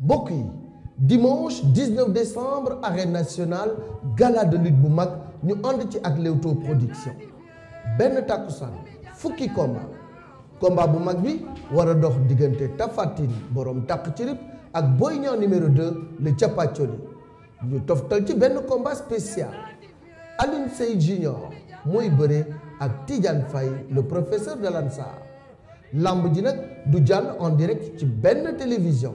mbokk yi dimanche 19 décembre arène nationale gala de lutte bu mag ñu ànd ci ak Leewtoo production benn takkusaan fukki combat combat bu mag bi war a dox diggante Tapha Tine borom takk ci ak Boy Niang numéro 2 le Chapacholi ñu toftal ci benn combat spécial Alioune Seye Junior mooy bëre ak Tidiane fay le professeur de l'Ansar lamb ji nag du jàll en direct ci benn télévision.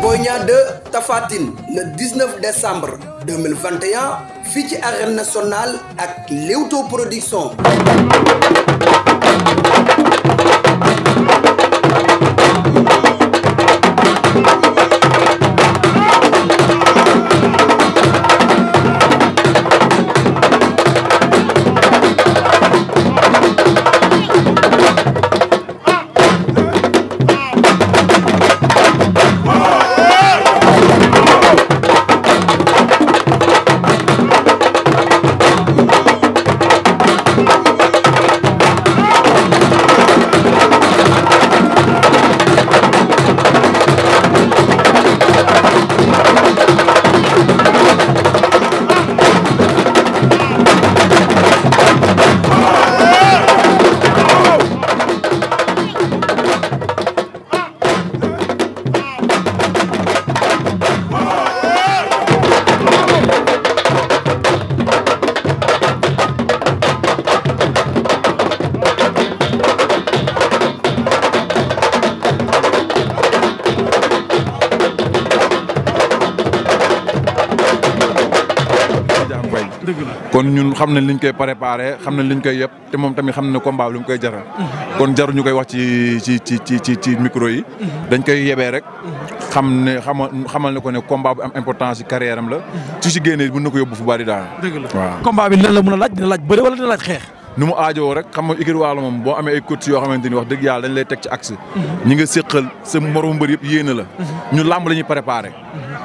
Boy Niang 2 Tapha Tine le 19 décembre 2021 fii ci arène nationale ak Leewtoo production kon ñun xam nañ liñ koy préparé xam nañ liñ koy yëpp te moom tamit xam na ne combat lu mu koy jaral. Mhm. kon jaru ñu koy wax ci ci ci ci ci ci micro yi. Mhm. dañ koy yebee rek. Mhm. xam ne xama xamal ne ko ne combat bu am importance ci carrière la. su si génnee mën na ko yóbbu fu bari daal. dëgg la waaw combat bi nan a laaj dina wala dina xeex. nu mu aajowoo rek xam nga ikir waalo moom boo amee ay yoo xamante ni wax yàlla dañ teg ci axe ñi nga séqal sa moromu mbër yéene la. ñu làmb la ñuy préparé.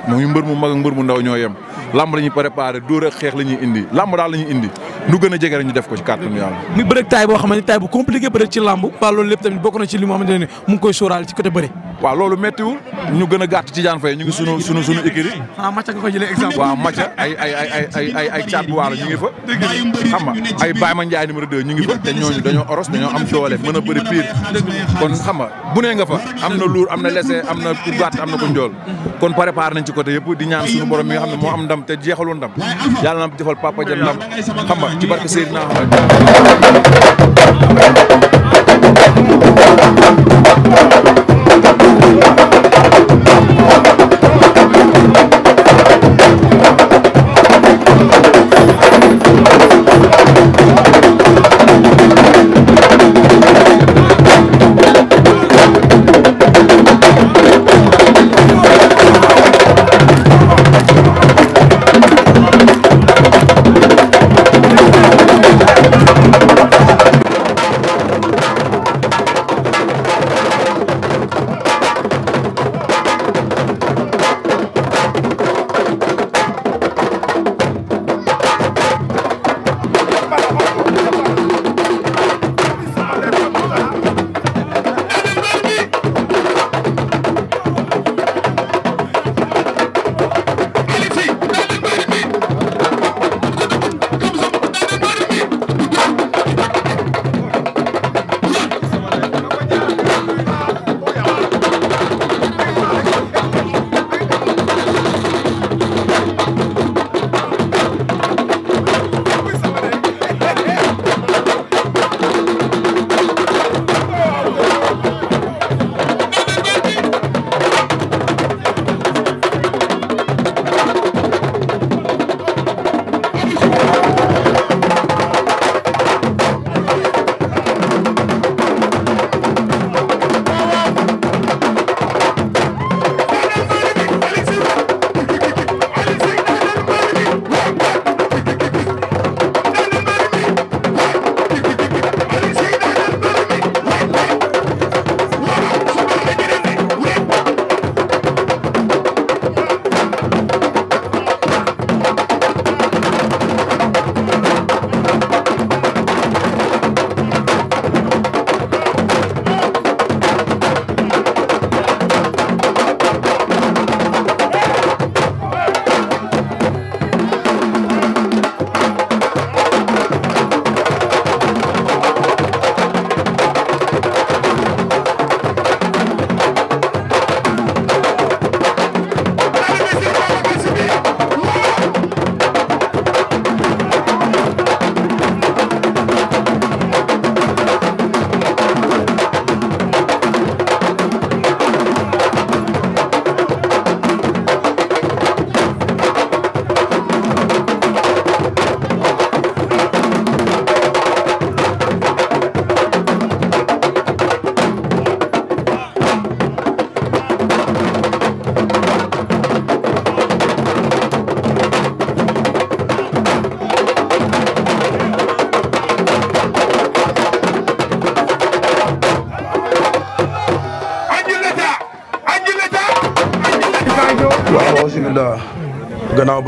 mooy mbër mu mag ak mbër mu ndaw ñoo yem lamb la ñuy préparé dóor ak xeex la ñuy indi lamb daal la ñuy indi nu gën a jege rek ñu def ko ci kàttanu yàlla muy bërëg taay boo xamante ne taay bu compliqué bërëg ci lamb ba loolu lépp tamit bokk na ci li mu xamante ne mu ngi gën a gàtt ñu ngi sunu sunu sunu écurie ah Macha nga ko jëlee exemple waaw Macha ay ay ay ay ay ay caat bu waalo ñu ngi fa xam nga ay ñu ngi fa te ñooñu dañoo oros dañoo am doole mën a bëri piir kon xam nga bu nee nga fa am na luur am na lese am na ku gàtt am na ndam te jeexaloon ndam yàlla na defal papa ja ndam xam nga ci barke Seydina Ahmad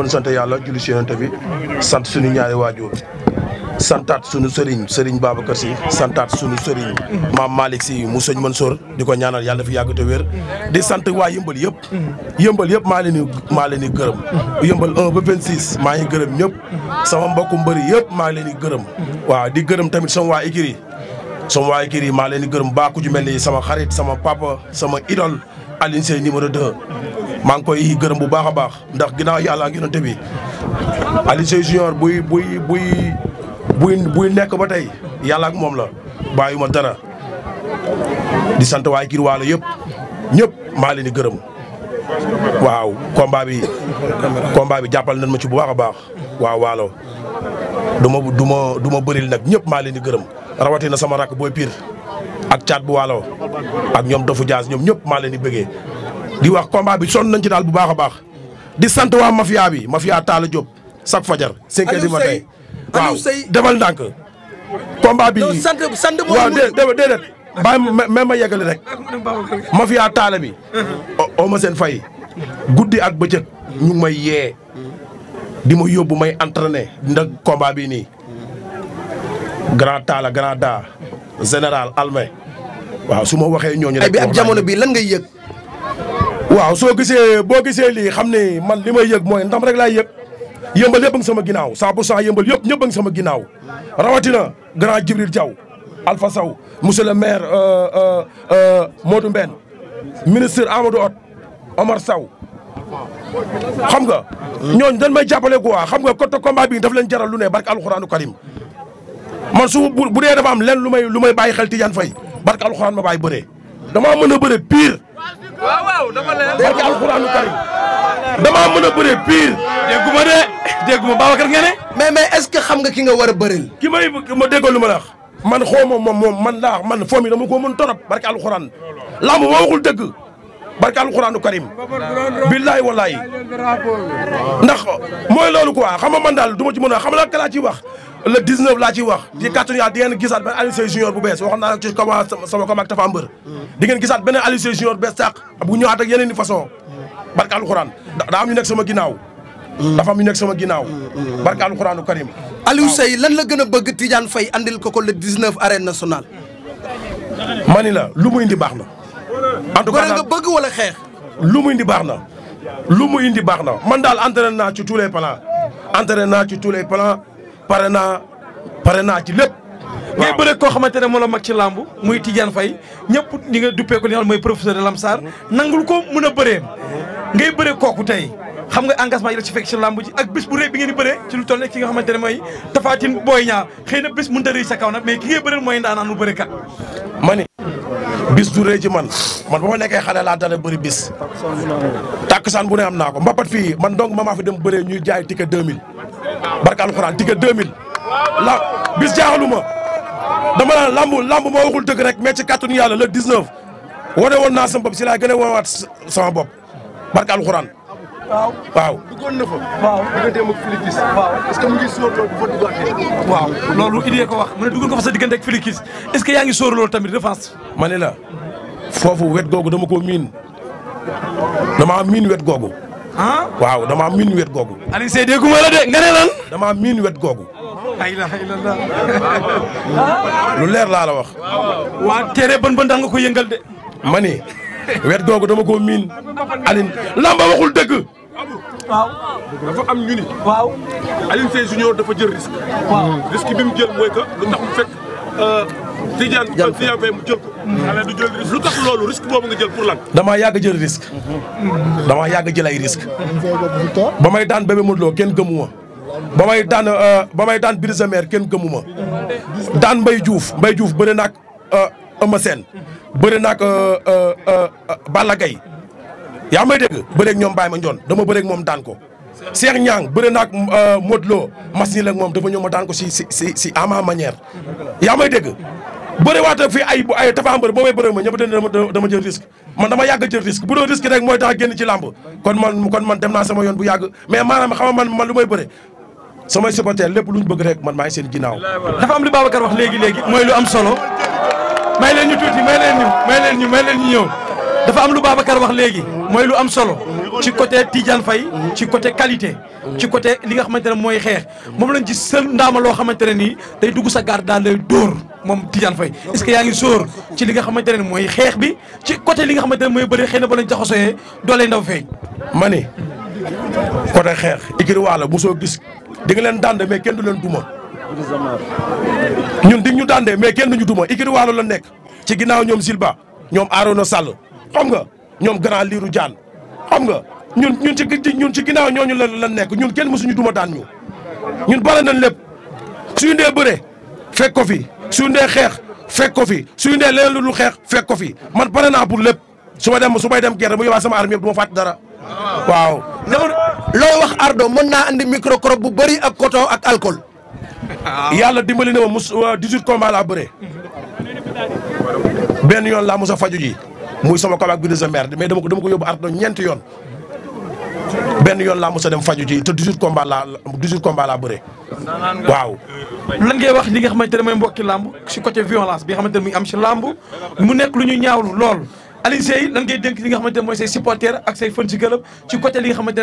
bu ñu sant yàlla julli si yonent bi sant suñu ñaari waajur santaat sunu sëriñ sëriñ Babacar si santaat sunu sëriñ maam Malick si mu sëñ Mansour di ko ñaanal yàlla fi yàgg te wér di sant waa yëmbal yëpp yëmbal yëpp maa leen di maa leen di gërëm yëmbal 1 ba 26 maa ngi gërëm ñëpp sama mbokku mbëri yëpp maa leen di gërëm waaw di gërëm tamit sama waa écurie sama waa écurie maa leen di gërëm baa ku sama xarit sama papa sama idole Alioune Seye numéro maa ngi koy gërëm bu baax a baax ndax ginnaaw yàlla ak yonante bi Alioune Seye buy buy buy buy buy nekk ba tey yàlla ak moom la bàyyi ma dara di sant waay Kër Waalo yëpp ñëpp maa leen di gërëm waaw combat bi combat bi jàppal nañ ma ci bu baax a baax waaw waalo du ma ma du ma bëril nag ñëpp maa leen di gërëm rawatina sama rakk booy Pire ak caat bu waalo ak ñoom dofu jaas ñoom ñëpp maa leen di bëggee di wax combat bi sonn nañ ci daal bu baax a baax di sant waa mafia bi mafia Talla Diop chaque fajar. cinq heures du matin waaw defal ndànk. combat bi sant sant moom waaw déedéet bàyyi ma même ma yegali rek mafia Talla bi. oo ma seen fay. guddi ak bëccëg ñu may yee. di ma yóbbu may entraîné ndax combat bii nii. grand Talla grand da général Almé waaw su ma waxee ñooñu. rek ay bi ak jamono bii lan ngay yëg. waaw soo gisee boo gisee lii xam ne man li may yëg mooy ndam rek laay yëg yëmbal yëpp a sama ginnaaw 100 pour cent yëpp ñëpp a ngi sama ginnaaw rawatina grand Jibril Diaw Alpha Sow monsieur le maire euh, euh, euh, Modou Mbène ministre Amadou Hott Omar Sow xam nga. ñooñu dañ may jàppale quoi xam nga côté combat bi daf leen jaral lu ne barke alxuraanu karim man su bu dee dafa am lenn lu may lu may bàyyi xel Tidiane Faye barke alxuraan ma bàyyi bëree. damaa mën a bëre pire waaw waaw dafa leer barke alxuraanu karim damaa mën a bëree pire. dégguma de dégguma Babacar nga ne. mais mais est-ce que xam nga ki nga war a bëril. ki may ma déggoo lu wax. man xoo ma moom moom man laa man foo mi dama ko mën torop barke alxuraan lamb moo waxul dëgg barke alxuraanu karim. billaay wallaay. ndax mooy loolu quoi xam ma man daal du ma ci mën a xam la kalaa ci wax. le 19 laa ciy wax ci kàttanu yàlla di ngeen gisaat benn Alioune Seye junior bu bees waxoon naa ci comment sama di ngeen gisaat beneen Alioune Seye junior bu bees sàq bu ni façon barka alxuraan daa am ñu nekk sama ginnaaw dafa am ñu nekk sama ginnaaw barka alxuraanu karim Aliou lan la gën a bëgg Tidiane Faye andil ko ko le 19 arène nationale ma ni la lu mu indi baax na en bëgg wala xeex lu mu indi baax na lu mu indi baax na man daal entraîné naa ci tous les plans entraîné naa ci tous les plans pare naa pare naa ci lépp. ngay bëre koo xamante ne moo la mag ci làmb muy Tidiane fay ñëpp ñi nga duppee ko li nga xam mooy professeur de Lamsar nangul ko mën a bëreem ngay bëre kooku tey xam nga engagement yi la ci fekk ci làmb ji ak bis bu rëy bi ngeen di bëree ci lu toll ki nga xamante ne mooy tafaatin booy ñaar xëy bis mënut a rëy sa kaw nag mais ki ngay bëreel mooy ndaanaanu bëri kat. ma ni bis du rëy man man ba ma nekkee xale laa dara bëri bis. takkusaan bu ne am naa ko mbapat fii man donc ma maa fi dem bëree barka alxuraan digga 2000 la bis jaaxaluma dama naan lamb lamb moo waxul dëgg rek mais ci kàttanu yàlla le 19 wane woon naa sama bopp si laa gën a woowaat sama bopp barka alxuraan waaw loolu bu fa duggaatee. waaw ko wax mu ne duggoon ko fa sa diggante ak Félix est yaa ngi sóor loolu tamit revanche. ma ne la foofu wet googu dama ko miin dama miin wet googu. ah waaw damaa miin wet googu. Alioune Seye dégguma la de nga ne lan. damaa miin wet googu. alhamdulilah. leer laa la wax. waa tere bën bën ko yëngal de. ma ni wet googu dama koo miin Alioune lamba waxul dëgg. dafa am ñu ni. waaw Alioune dafa jël risque. waaw risque jël mooy que lu fekk. Euh, Tidiane Tidiane Faye jël ko. lu tax loolu risque boobu nga jël pour lan. jël risque. damaa yàgg jël ba may daan bébé Modou Lo kenn gëmu ba may daan euh, ba may daan Brise Mer kenn gëmu ma. daan mbay Diouf mbay Diouf bëri na ak euh, Eumeu Sène. bëri na ak euh, Balla Gaye yaa may dégg bëreeg ñoom Baye ma Ndione dama bëreeg moom daan ko. Cheikh Niang bëre naag Modou Lo mas la moom dafa ñëw daan ko si si si yaa may dégg bëriwaat ak fii ay ay Tapha Mbeur boo may bëri ma ñëpp dañ dama jël risque man dama yàgg jël risque bu doon risque rek mooy man kon man dem yoon bu yàgg mais maanaam xam man man lu may bëre samay supporter lépp bëgg rek man maa seen ginnaaw. dafa am lu Babacar wax léegi léegi mooy lu am solo may leen ñu tuuti may leen ñu may leen ñu may leen ñëw dafa am lu Babacar wax léegi mooy lu am solo ci côté Tidiane fay ci côté qualité. ci côté li nga xamante ne mooy xeex moom lañ ci seen ndaama loo xamante ne nii day dugg sa garde daal lay dóor moom Tidiane Faye est que yaa ngi sóor ci li nga xamante ne mooy xeex bi ci côté li nga xamante ne mooy bëri xëy na ba lañ jaxasooyee doole ndaw feeñ ma ni côté xeex ikiri waalo bu soo gis di nga leen dànd mais kenn du leen duma ñun di ñu dàndee mais kenn ñu duma ikiri waalo la nekk ci ginnaaw ñoom Silba ñoom Arona Sall xam nga ñoom grand liiru jaan xam nga ñun ñun ci ñun ci ginnaaw ñooñu leen la nekk ñun kenn mësuñu duma daan ñu ñun bare nañ lépp suñu dee bëree fekk ko fi su dee xeex fekk ko fi suñu dee leneen lu dul xeex fekk ko fi man pare naa pour lépp su ma dem su may dem gerte mu yóbbaa sama arme yëpp du ma fàtte dara waaw. loolu loo wax Ardo mën naa andi microcrobe bu bëri ak coton ak alcool. Ah. yàlla dimbali na ma mus 18 euh, combats laa bëree. benn yoon laa mu a faju ji muy sama kaw ak bi de sa mère mais dama ko dama ko yóbbu Ardo ñeenti yoon. benn yoon laa mos a dem faju ji te 18 combats laa 18 combats laa bëre. waaw. lan ngay wax li nga xamante ne mooy mbokki làmb si côté violence bi xamante ne mu am si làmb mu nekk lu ñu ñaawlu lool. Alioune nga xamante ne mooy say supporters ak say fan si club ci côté li nga xamante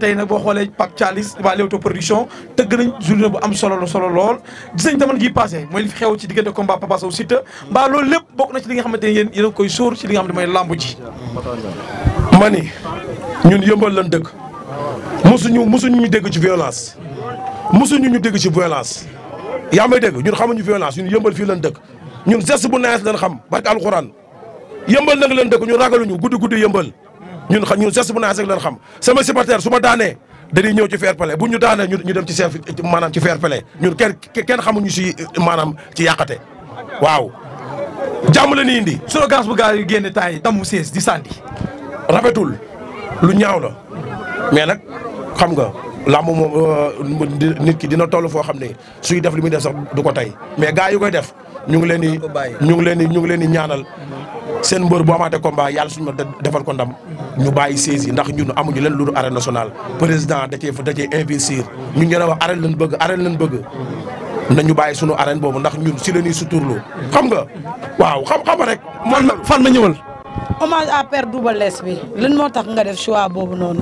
tey nag boo xoolee Pape Thialis waa Leewtoo production tëgg nañ journée bu am solo la solo lool gis nañ jamono ji passé mooy xew ci diggante combat Papa Sow Siteu mbaa loolu lépp bokk na ci li nga xamante ne yéen a koy sóor ci li nga xamante mooy làmb ji ma ni ñun yëmbal lan dëkk mosuñu mosuñu ñu dégg ci violence mosuñu ñu ñu dégg ci violence yaa may dégg ñun xamuñu violence ñun yëmbal fii lan dëkk ñun geste bu neex lan xam barke alxuraan yëmbal nag lan dëkk ragal ragaluñu guddi guddi yëmbal ñun xam ñun geste bu neex rek lan xam sama supporter su daanee dañuy ñëw ci fair play bu ñu daanee ñu dem ci seen maanaam ci fair play ñun kenn kenn xamuñu si maanaam ci yàqate waaw jàmm la ni indi. solo gaz bu gaaw yi génn temps yi damm sees di sànni. rafetul lu ñaaw la mais nag xam nga làmb moom euh, nit ki dina toll foo xam ne suy def lu muy def sax du ko tey mais gars yu koy def ñu ngi leen di ñu ngi leen di ñu ngi leen di ñaanal seen mbër bu e combat yàlla suñ ma defal ko ndam ñu bàyyi saisi ndax ñun amuñu leen lu dul arène nationale président da cee da cee investir ñun ñu ne wax arène lañ bëgg arène lañ bëgg nañu bàyyi suñu arène boobu ndax ñun si la ñuy suturloo xam nga waaw xam xam rek man fan ma ñëwal hommage à père Double Less bi lan moo tax nga def choix boobu noonu.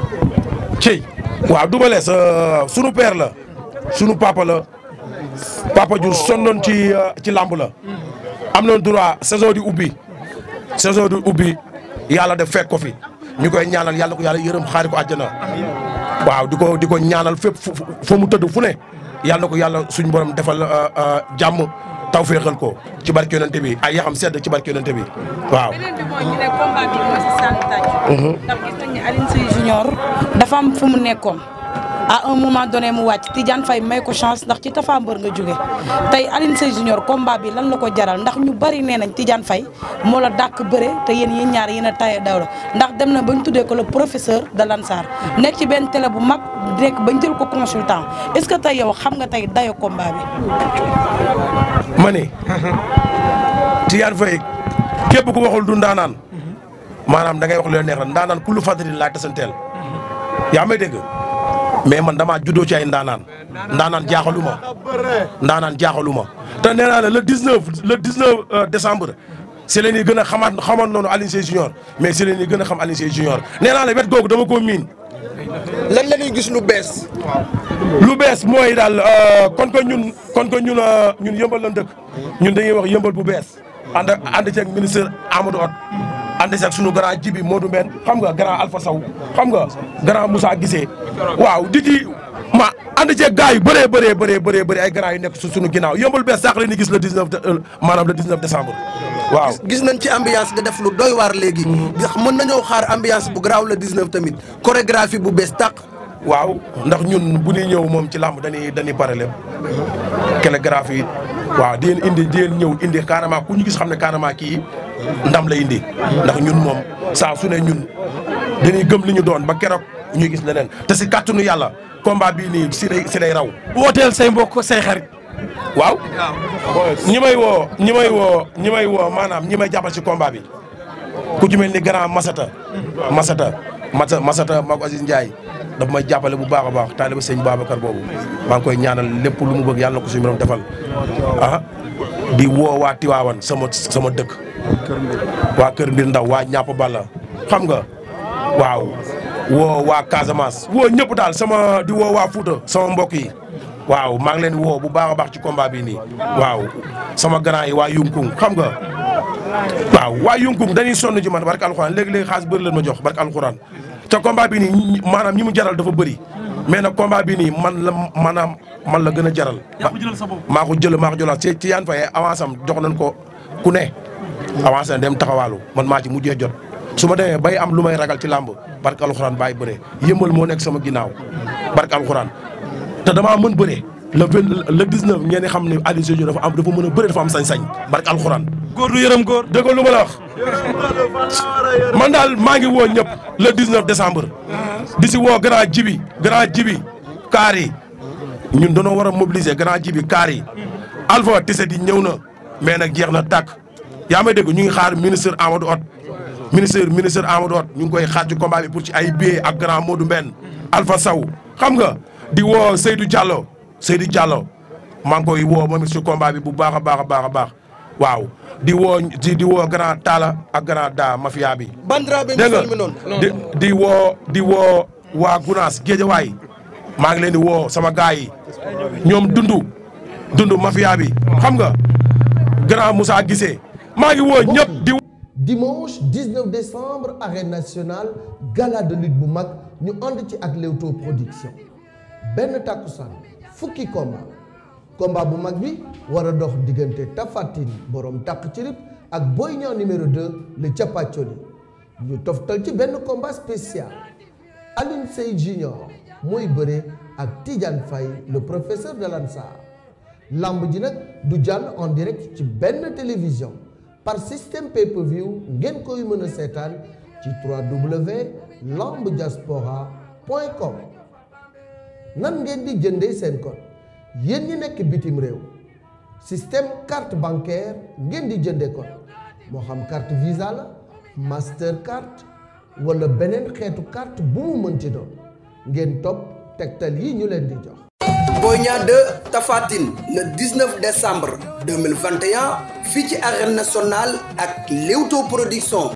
ci waaw Double Less euh, sunu père la sunu papa la papa jur sonnoon ci euh, ci làmb am na droit saison di ubbi saison di ubbi yàlla def fekk ko fi ñu koy ñaanal yàlla ko yàlla yërëm xaari ko àjjana waaw di ko di ñaanal fépp fu mu tëdd fu ne yàlla na ko yàlla suñu borom defal euh, jàmm. taw féexal ko ci barke yonente bi ay yaxam sedd ci barke yonente bi waaw. beneen bi mhm. dafa fu mu nekkoon. à un moment donné mu wàcc Tidiane fay may ko chance ndax ci Tafa Mbër nga jóge tey Alioune Seye Junior combat bi lan la ko jaral ndax ñu bari nee nañ Tidiane Faye moo la dàq bëre te yéen yi ñaar yéen a taye daw ndax dem na ñu tuddee ko le professeur de Lansar nekk ci benn télé bu mag nekk bañ jël ko consultant est-ce que tey yow xam nga tey dayo combat bi. ma ni Tidiane Faye képp ku waxul du ndaanaan maanaam da ngay wax lu la neex la ndaanaan ku lu laa tasanteel yaa mais man damaa juddoo ci ay ndaanaan ndaanaan jaaxalu ma ndaanaan jaaxalu ma te nee naa la le 19 le 19 euh, décembre si la ñuy gën a xamaat xamoon noonu Alioune Seye junior mais si la ñuy gën a xam Alioune junior nee naa la wet googu dama ko miin. lan la gis lu bees. lu bees mooy daal euh, kon ko ñun kon ñun euh, ñun yëmbal lan dëkk ñun dañuy wax yëmbal bu bees ànd ànd ceeg ministre Amadou ànd seeg suñu grand Jibi Modou Mbène xam nga grand Alpha Sow xam nga grand Moussa gisee waaw di ci ma ànd ceeg gars yu bëree bëree bëree bëree bëri ay grand yu nekk su suñu ginnaaw yombul bees sax la ñu gis le 19 euh, maanaam le 19 décembre waaw gis nañ ci ambiance nga def lu doy waar léegi ndax mm-hmm. mën nañoo xaar ambiance bu garaaw le 19 tamit chorégraphie bu bees tàq waaw ndax ñun bu ñuy ñëw moom ci làmb dañuy dañuy la lépp chorégraphie waaw di leen indi di leen ñëw indi carrément ku ñu gis xam ne carrément kii ndam la indi ndax ñun moom saa su ne ñun dañuy gëm li ñu doon ba keroog ñuy gis leneen te si kàttanu yàlla combat bii nii si day si day raw. wooteel say mbokk say waaw. ñi may woo ñi may woo ñi may woo maanaam ñi may jàppal si combat bi ku ci mel ni grand Masata. Masata Masata Masata Magu Aziz Ndiaye may jàppale bu baax a baax taaliba sëñ Babacar boobu maa ngi ñaanal lépp mu bëgg yàlla na ko defal ah. di woo waa Tiwaawan sama sama dëkk. waa Kër Mbir Ndaw waa Ñàpp bala xam nga waaw. woo waa Casamance woo ñëpp daal sama di woo waa Fouta sama mbokk yi waaw maa ngi leen woo bu baax a baax ci combat bi nii waaw sama grand yi waa Yunkung xam nga waaw waa Yunkung dañuy sonn ci man barke alxuraan léegi-léegi xaalis bëri ma jox barke alxuraan te combat bi nii maanaam ñi mu jaral dafa bëri mais nag combat bi nii man la maanaam man la gën a jaral. yaa ko maa ko jël maa ko jëlaat ci ci yaan fayee avance am jox nañ ko ku ne. avance na dem taxawaalu man maa ci mujjee jot. su ma demee bay am lu may ragal ci làmb barke alxuraan bàyyi bëree yëmbal moo nekk sama ginnaaw barke alxuraan te damaa mën bëree. le vingt le dix neuf ngeen xam ne Aliou Sédhiou am dafa mën a bëre dafa am sañ-sañ barke alxuraan. góor du yërëm góor. a lu ma la wax man daal maa ngi woo ñëpp le dix neuf décembre. di si woo grand jibi grand jibi kaar ñun dañoo war a mobiliser grand jibi kaar yi. Alpha Tissette yi ñëw na mais nag jeex na tàkk yaa may dégg ñu ngi xaar ministre Amadou Hott ministre ministre Amadou Hott ñu ngi koy xaar ci combat bi pour ci ay billets ak grand Modou Mbène Alpha Sow xam nga di woo Seydou Diallo. Seydi Diallo maa ngi koy woo moom si combat bi bu baax a baax a baax a baax waaw di woo di woo grand Talla ak grand Da mafia bi. bandirabe di woo di woo waa Gunaas Géejawaay maa ngi leen di woo sama gars yi ñoom dundu dundu mafia bi xam nga grand Moussa Guissé maa ngi woo ñëpp di. dimanche 19 décembre arène nationale gala de lutte bu mag ñu ànd ci ak Leewtoo production fukki combat combat bu mag bi war a dox diggante Tapha Tine borom takk cirib ak Boy Niang numéro 2 le capacoli ñu toftal ci benn combat spécial Alioune Seye Junior mooy bëre ak Tidiane fay le professeur de l'Ansar lamb ji nag du jànn en direct ci benn télévision par système pay-per-view ngeen koy mën a seetaan ci 3w lambdiaspora point com nan ngeen di jëndee seen code yéen ñi nekk bitim réew système carte bancaire ngeen di jëndee code moo xam carte visa la master carte wala beneen xeetu carte bu mu mënti ngeen topp tegtal yi ñu leen di jox. Boy Niang 2 Tapha Tine le 19 décembre 2021 fii ci arène nationale ak Leewtoo production.